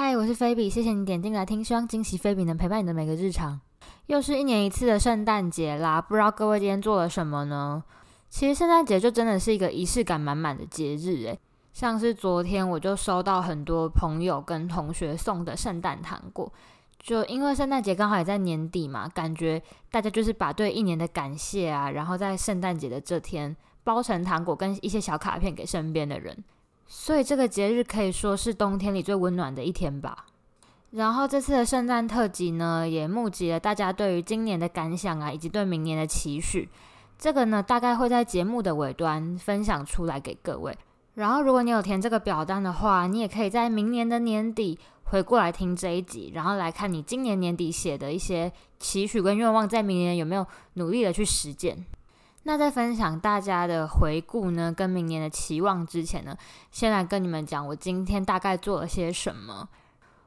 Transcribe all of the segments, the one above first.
嗨，Hi, 我是菲比，謝謝你點進來聽，希望今昔菲比能陪伴你的每個日常。又是一年一次的聖誕節啦，不知道各位今天做了什麼呢？其實聖誕節就真的是一個儀式感滿滿的節日誒。像是昨天我就收到很多朋友跟同學送的聖誕糖果，就因為聖誕節剛好也在年底嘛，感覺大家就是把對一年的感謝啊，然後在聖誕節的這天包成糖果跟一些小卡片給身邊的人。所以這個節日可以說是冬天裡最溫暖的一天吧。然後這次的聖誕特輯呢，也募集了大家對於今年的感想啊，以及對明年的期許。這個呢，大概會在節目的尾端分享出來給各位。然後如果你有填這個表單的話，你也可以在明年的年底回過來聽這一集，然後來看你今年年底寫的一些期許跟願望，在明年有沒有努力的去實踐。那在分享大家的回顧呢，跟明年的期望之前呢，先來跟你們講我今天大概做了些什麼。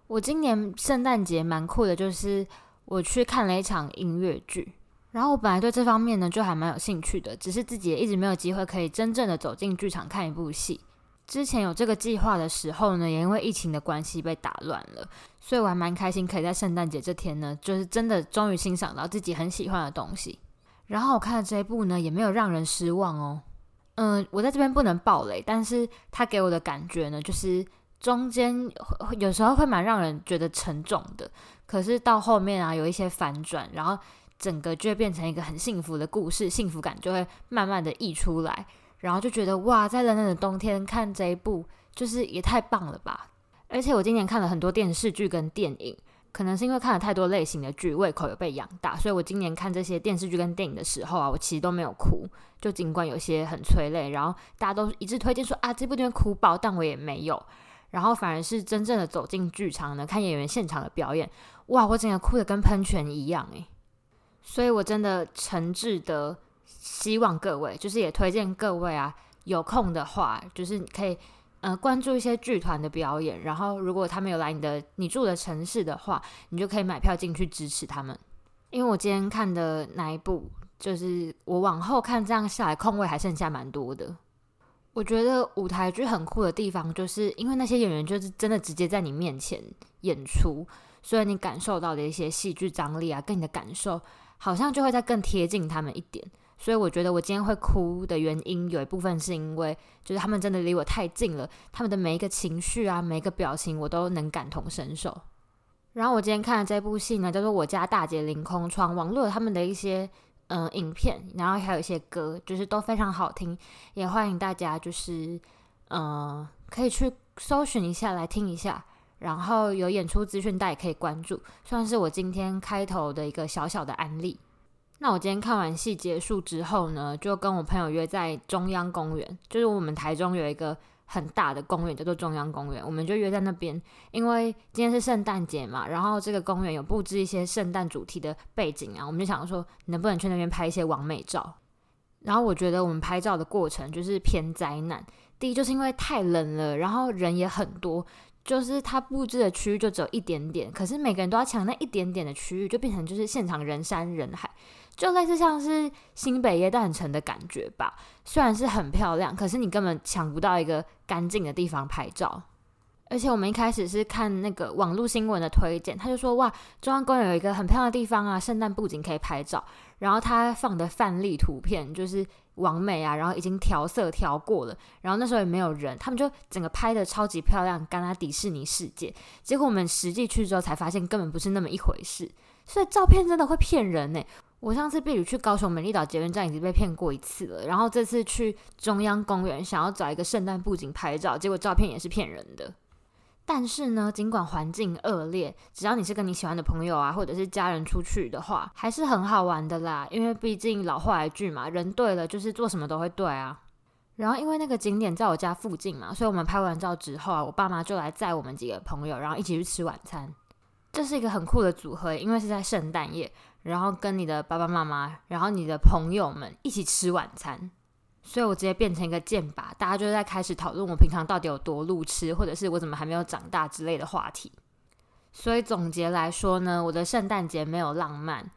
我今年聖誕節蠻酷的，就是我去看了一場音樂劇。然後我本來對這方面呢就還蠻有興趣的，只是自己也一直沒有機會可以真正的走進劇場看一部戲。之前有這個計劃的時候呢，也因為疫情的關係被打亂了，所以我還蠻開心可以在聖誕節這天呢，就是真的終於欣賞到自己很喜歡的東西。然後我看了這一部呢，也沒有讓人失望哦。嗯，我在這邊不能爆雷，但是它給我的感覺呢，就是中間有，有時候會蠻讓人覺得沉重的。可是到後面啊，有一些反轉，然後整個就會變成一個很幸福的故事，幸福感就會慢慢的溢出來，然後就覺得哇，在冷冷的冬天看這一部，就是也太棒了吧！而且我今年看了很多電視劇跟電影。可能是因為看了太多類型的劇，胃口有被養大，所以我今年看這些電視劇跟電影的時候啊，我其實都沒有哭，就儘管有些很催淚，然後大家都一致推薦說啊這部電影哭爆，但我也沒有，然後反而是真正的走進劇場呢，看演員現場的表演，哇，我真的哭得跟噴泉一樣誒。所以我真的誠摯的希望各位，就是也推薦各位啊，有空的話就是可以。呃，關注一些劇團的表演，然後如果他們有來你的你住的城市的話，你就可以買票進去支持他們。因為我今天看的那一部，就是我往後看這樣下來，空位還剩下蠻多的。我覺得舞台劇很酷的地方，就是因為那些演員就是真的直接在你面前演出，所以你感受到的一些戲劇張力啊，跟你的感受好像就會再更貼近他們一點。所以我覺得我今天會哭的原因有一部分是因為，就是他們真的離我太近了，他們的每一個情緒啊，每一個表情我都能感同身受。然後我今天看的這部戲呢叫做《我家大姐凌空窗》，網絡他們的一些嗯、呃、影片，然後還有一些歌，就是都非常好聽，也歡迎大家就是嗯、呃、可以去搜尋一下來聽一下，然後有演出資訊大家也可以關注，算是我今天開頭的一個小小的案例。那我今天看完戲結束之後呢，就跟我朋友約在中央公園，就是我們台中有一個很大的公園叫做中央公園，我們就約在那邊。因為今天是聖誕節嘛，然後這個公園有布置一些聖誕主題的背景啊，我們就想說能不能去那邊拍一些網美照。然後我覺得我們拍照的過程就是偏災難，第一就是因為太冷了，然後人也很多，就是他布置的區域就只有一點點，可是每個人都要搶那一點點的區域，就變成就是現場人山人海。就類似像是新北耶誕城的感覺吧，雖然是很漂亮，可是你根本搶不到一個乾淨的地方拍照。而且我們一開始是看那個網絡新聞的推薦，他就說哇，中央公園有一個很漂亮的地方啊，聖誕布景可以拍照。然後他放的範例圖片就是完美啊，然後已經調色調過了，然後那時候也沒有人，他們就整個拍得超級漂亮，甘那迪士尼世界。結果我們實際去之後才發現根本不是那麼一回事，所以照片真的會騙人呢、欸。我上次比如去高雄美麗島捷運站已經被騙過一次了，然後這次去中央公園想要找一個聖誕布景拍照，結果照片也是騙人的。但是呢，儘管環境惡劣，只要你是跟你喜歡的朋友啊，或者是家人出去的話，還是很好玩的啦。因為畢竟老話一句嘛，人對了，就是做什麼都會對啊。然後因為那個景點在我家附近嘛，所以我們拍完照之後啊，我爸媽就來載我們幾個朋友，然後一起去吃晚餐。這是一個很酷的組合，因為是在聖誕夜。然後跟你的爸爸媽媽，然後你的朋友們一起吃晚餐，所以我直接變成一個箭靶，大家就是在開始討論我平常到底有多路痴，或者是我怎麼還沒有長大之類的話題。所以總結來說呢，我的聖誕節沒有浪漫，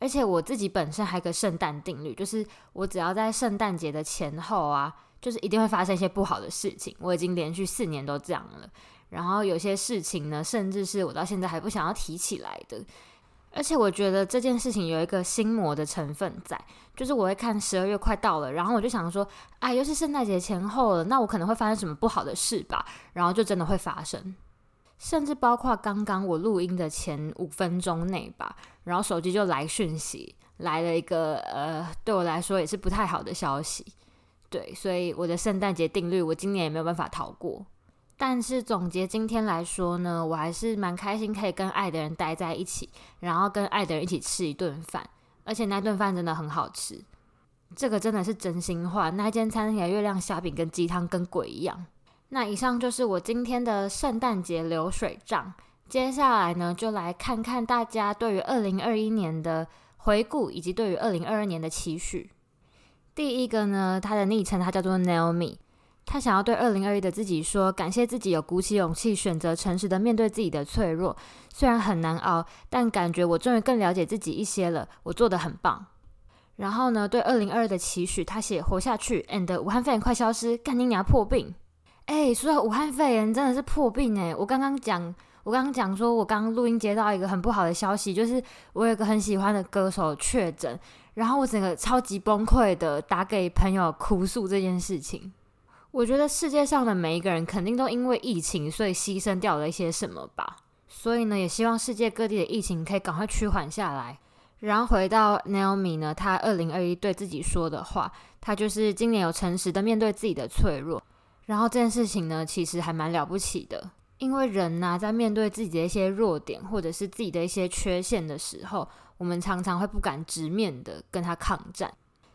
而且我自己本身還有個聖誕定律，就是我只要在聖誕節的前後啊，就是一定會發生一些不好的事情。我已經連續四年都這樣了，然後有些事情呢，甚至是我到現在還不想要提起來的。而且我覺得這件事情有一個心魔的成分在，就是我會看十二月快到了，然後我就想說，哎，又是聖誕節前後了，那我可能會發生什麼不好的事吧，然後就真的會發生，甚至包括剛剛我錄音的前五分鐘內吧，然後手機就來訊息，來了一個呃，對我來說也是不太好的消息，對，所以我的聖誕節定律，我今年也沒有辦法逃過。但是總結今天來說呢，我還是蠻開心，可以跟愛的人待在一起，然後跟愛的人一起吃一頓飯，而且那頓飯真的很好吃，這個真的是真心話。那間餐廳的月亮蝦餅跟雞湯跟鬼一樣。那以上就是我今天的聖誕節流水賬接下來呢，就來看看大家對於二零二一年的回顧，以及對於二零二二年的期許。第一個呢，他的昵稱他叫做 Naomi。他想要對二零二一的自己說：“感謝自己有鼓起勇氣，選擇誠實的面對自己的脆弱，雖然很難熬，但感覺我終於更了解自己一些了，我做的很棒。”然後呢，對二零二二的期許，他寫：“活下去，and 武漢肺炎快消失，幹你娘破病！”誒，說到武漢肺炎，真的是破病誒，我剛剛講，我剛剛講說，我剛剛錄音接到一個很不好的消息，就是我有一個很喜歡的歌手確診，然後我整個超級崩潰的打給朋友哭訴這件事情。我覺得世界上的每一個人肯定都因為疫情，所以犧牲掉了一些什麼吧。所以呢，也希望世界各地的疫情可以趕快趨緩下來。然後回到 Naomi 呢，他二零二一對自己說的話，他就是今年有誠實的面對自己的脆弱。然後這件事情呢，其實還蠻了不起的，因為人吶、啊，在面對自己的一些弱點或者是自己的一些缺陷的時候，我們常常會不敢直面的跟他抗戰。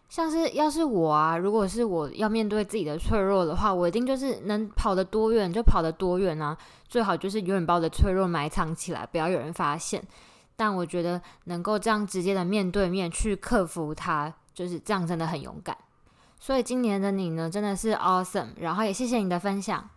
像是要是我啊，如果是我要面對自己的脆弱的話，我一定就是能跑得多遠就跑得多遠啊，最好就是永遠把我的脆弱埋藏起來，不要有人發現。但我覺得能夠這樣直接的面對面去克服它，就是這樣真的很勇敢。所以今年的你呢，真的是 awesome，然後也謝謝你的分享。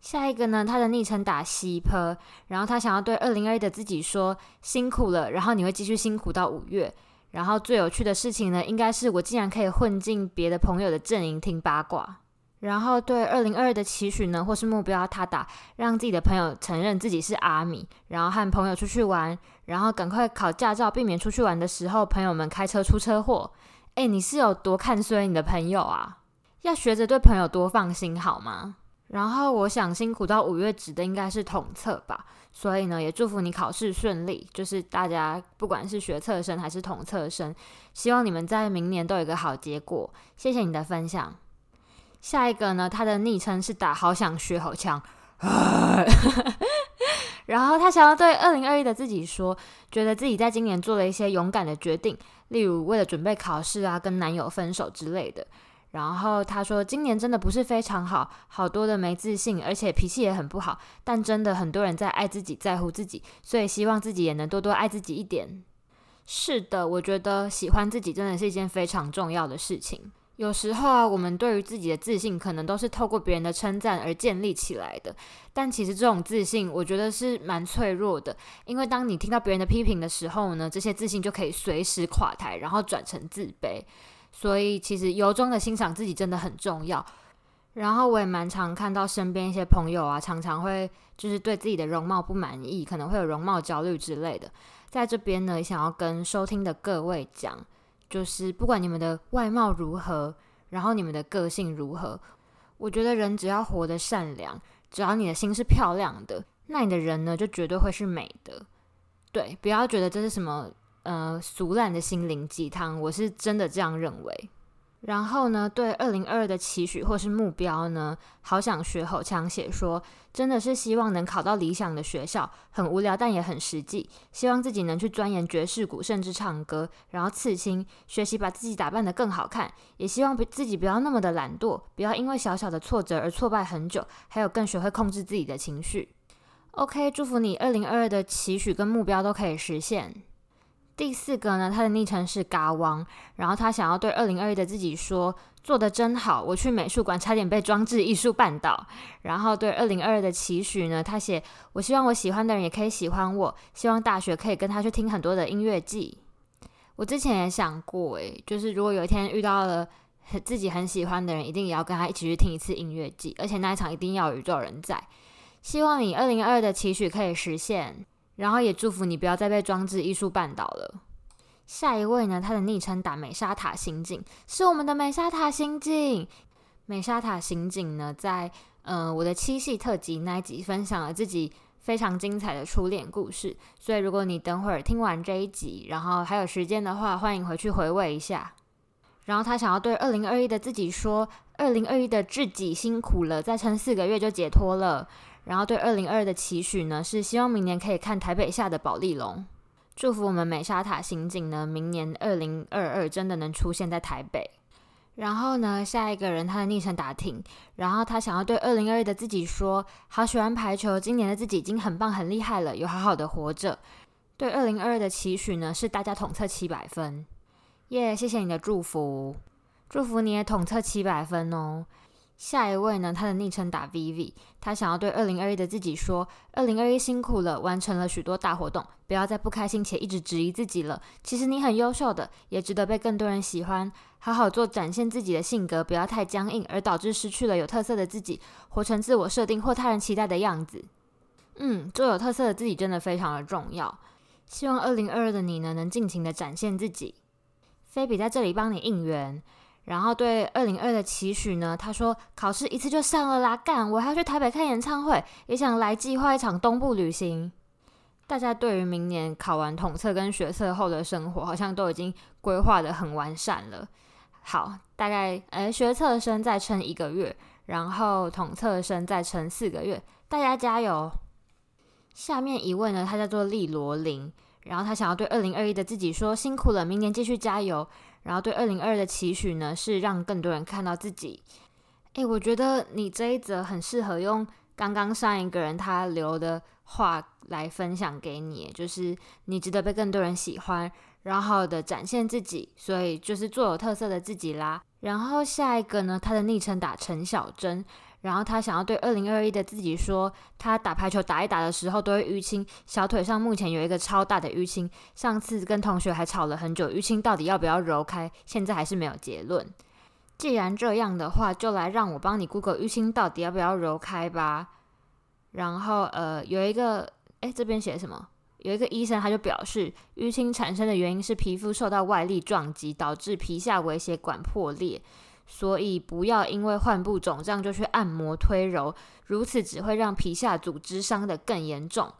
下一個呢，他的昵稱打西坡，然後他想要對二零二一的自己說辛苦了，然後你會繼續辛苦到五月。然後最有趣的事情呢，應該是我竟然可以混進別的朋友的陣營聽八卦。然後對二零二二的期許呢，或是目標，他打，讓自己的朋友承認自己是阿米，然後和朋友出去玩，然後趕快考駕照，避免出去玩的時候朋友們開車出車禍。哎，你是有多看衰你的朋友啊？要學着對朋友多放心好嗎？然後我想辛苦到五月指的應該是統測吧，所以呢也祝福你考試順利，就是大家不管是學測生還是統測生，希望你們在明年都有個好結果。謝謝你的分享。下一個呢，他的昵稱是打好想學好強， 然後他想要對二零二一的自己說，覺得自己在今年做了一些勇敢的決定，例如為了準備考試啊，跟男友分手之類的。然後他說：“今年真的不是非常好，好多的沒自信，而且脾氣也很不好。但真的很多人在愛自己，在乎自己，所以希望自己也能多多愛自己一點。”是的，我覺得喜歡自己真的是一件非常重要的事情。有時候啊，我們對於自己的自信可能都是透過別人的稱讚而建立起來的，但其實這種自信，我覺得是蠻脆弱的，因為當你聽到別人的批評的時候呢，這些自信就可以隨時垮台，然後轉成自卑。所以，其實由衷的欣賞自己真的很重要。然後，我也蠻常看到身邊一些朋友啊，常常會就是對自己的容貌不滿意，可能會有容貌焦慮之類的。在這邊呢，想要跟收聽的各位講，就是不管你們的外貌如何，然後你們的個性如何，我覺得人只要活得善良，只要你的心是漂亮的，那你的人呢，就絕對會是美的。對，不要覺得這是什麼。呃，俗爛的心靈雞湯，我是真的這樣認為。然後呢，對二零二二的期許或是目標呢，好想學好強寫說，真的是希望能考到理想的學校，很無聊但也很實際。希望自己能去鑽研爵士鼓，甚至唱歌，然後刺青，學習把自己打扮得更好看。也希望不自己不要那麼的懶惰，不要因為小小的挫折而挫敗很久。還有更學會控制自己的情緒。OK，祝福你二零二二的期許跟目標都可以實現。第四個呢，他的昵稱是嘎汪，然後他想要對二零二一的自己說：“做得真好，我去美術館差點被裝置藝術絆倒。”然後對二零二二的期許呢，他寫：“我希望我喜歡的人也可以喜歡我，希望大學可以跟他去聽很多的音樂祭。”我之前也想過、欸，誒，就是如果有一天遇到了很自己很喜歡的人，一定也要跟他一起去聽一次音樂祭，而且那一場一定要有宇宙人在。希望你二零二二的期許可以實現。然後也祝福你不要再被裝置藝術絆倒了。下一位呢，他的昵稱打美沙塔刑警，是我們的美沙塔刑警。美沙塔刑警呢，在呃我的七夕特輯那一集分享了自己非常精彩的初戀故事。所以如果你等會兒聽完這一集，然後還有時間的話，歡迎回去回味一下。然後他想要對二零二一的自己說：“二零二一的自己辛苦了，再撐四個月就解脫了。”然後對二零二二的期許呢，是希望明年可以看台北下的保麗龍，祝福我們美沙塔刑警呢，明年二零二二真的能出現在台北。然後呢，下一個人，他的暱稱打挺，然後他想要對二零二二的自己說，好喜歡排球，今年的自己已經很棒很厲害了，有好好的活着。對二零二二的期許呢，是大家統測七百分，耶、yeah,！謝謝你的祝福，祝福你也統測七百分哦。下一位呢，他的昵稱打 VV，他想要對2021的自己說：2021辛苦了，完成了許多大活動，不要再不開心且一直質疑自己了。其實你很優秀的，也值得被更多人喜歡。好好做，展現自己的性格，不要太僵硬，而導致失去了有特色的自己，活成自我設定或他人期待的樣子。嗯，做有特色的自己真的非常的重要。希望2022的你呢，能盡情的展現自己。菲比在這裡幫你應援。然後對二零二的期許呢？他說考試一次就上了啦，幹！我還要去台北看演唱會，也想來計劃一場東部旅行。大家對於明年考完統測跟學測後的生活，好像都已經規劃得很完善了。好，大概哎，學測生再撐一個月，然後統測生再撐四個月，大家加油！下面一位呢，他叫做利羅琳，然後他想要對二零二一的自己說：辛苦了，明年繼續加油。然後對二零二二的期許呢，是讓更多人看到自己。哎，我覺得你這一則很適合用剛剛上一個人他留的話來分享給你，就是你值得被更多人喜歡，然後的展現自己，所以就是做有特色的自己啦。然後下一個呢，他的昵稱打陳小珍。然後他想要對二零二一的自己說，他打排球打一打的時候都會淤青，小腿上目前有一個超大的淤青，上次跟同學還吵了很久，淤青到底要不要揉開，現在還是沒有結論。既然這樣的話，就來讓我幫你 Google 淤青到底要不要揉開吧。然後呃，有一個，哎，這邊寫什麼？有一個醫生他就表示，淤青產生的原因是皮膚受到外力撞擊，導致皮下微血管破裂。所以不要因為患部腫脹就去按摩推揉，如此只會讓皮下組織傷得更嚴重。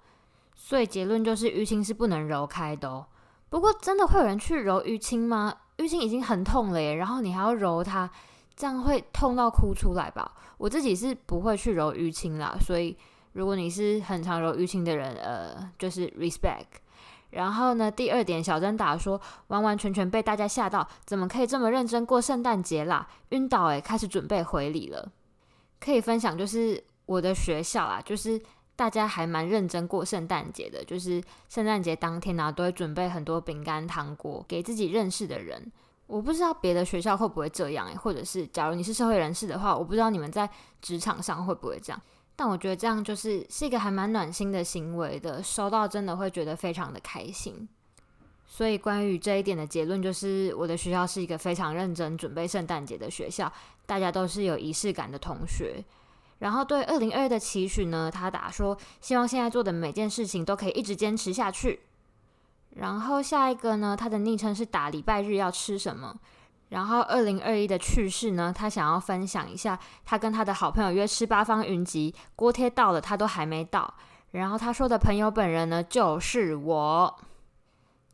所以結論就是淤青是不能揉開的哦。不過真的會有人去揉淤青嗎？淤青已經很痛了耶，然後你還要揉它，這樣會痛到哭出來吧？我自己是不會去揉淤青啦。所以如果你是很常揉淤青的人，呃，就是 respect。然後呢，第二點，小真打說，完完全全被大家嚇到，怎麼可以這麼認真過聖誕節啦？暈倒誒，開始準備回禮了。可以分享，就是我的學校啊，就是大家還蠻認真過聖誕節的。就是聖誕節當天啊，都會準備很多餅乾、糖果給自己認識的人。我不知道別的學校會不會這樣誒，或者是假如你是社會人士的話，我不知道你們在職場上會不會這樣。但我覺得這樣就是是一個還蠻暖心的行為的，收到真的會覺得非常的開心。所以關於這一點的結論就是，我的學校是一個非常認真準備聖誕節的學校，大家都是有儀式感的同學。然後對二零二二的期許呢，他打說希望現在做的每件事情都可以一直堅持下去。然後下一個呢，他的昵稱是打禮拜日要吃什麼。然後二零二一的趣事呢，他想要分享一下，他跟他的好朋友約吃八方雲集，鍋貼到了他都還沒到。然後他說的朋友本人呢，就是我。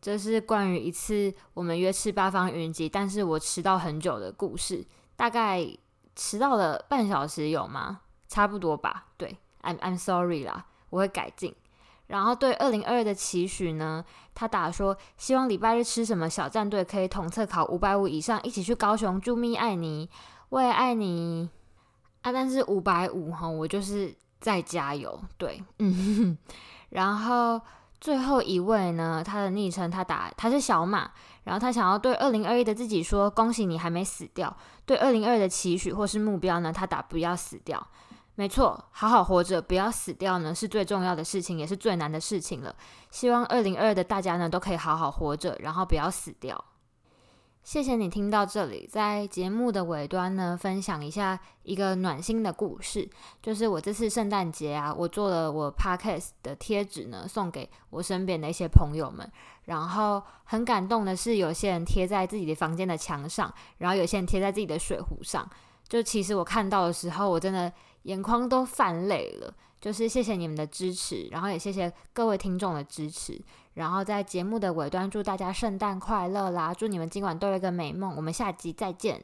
這是關於一次我們約吃八方雲集，但是我遲到很久的故事，大概遲到了半小時有嗎？差不多吧。對，I'm I'm sorry 啦，我會改進。然後對二零二二的期許呢，他打說希望禮拜日吃什麼？小戰隊可以統測考五百五以上，一起去高雄祝蜜愛你，我也愛你啊！但是五百五哈，我就是在加油。對，嗯呵呵。然後最後一位呢，他的昵稱他打他是小馬，然後他想要對二零二一的自己說恭喜你還沒死掉。對二零二二的期許或是目標呢，他打不要死掉。沒錯，好好活着，不要死掉呢，是最重要的事情，也是最難的事情了。希望二零二二的大家呢，都可以好好活着，然後不要死掉。謝謝你聽到這裡，在節目的尾端呢，分享一下一個暖心的故事，就是我這次聖誕節啊，我做了我 podcast 的貼紙呢，送給我身邊的一些朋友們。然後很感動的是，有些人貼在自己的房間的牆上，然後有些人貼在自己的水壺上。就其實我看到的時候，我真的眼眶都泛淚了。就是謝謝你們的支持，然後也謝謝各位聽眾的支持。然後在節目的尾端，祝大家聖誕快樂啦！祝你們今晚都有一個美夢。我們下集再見。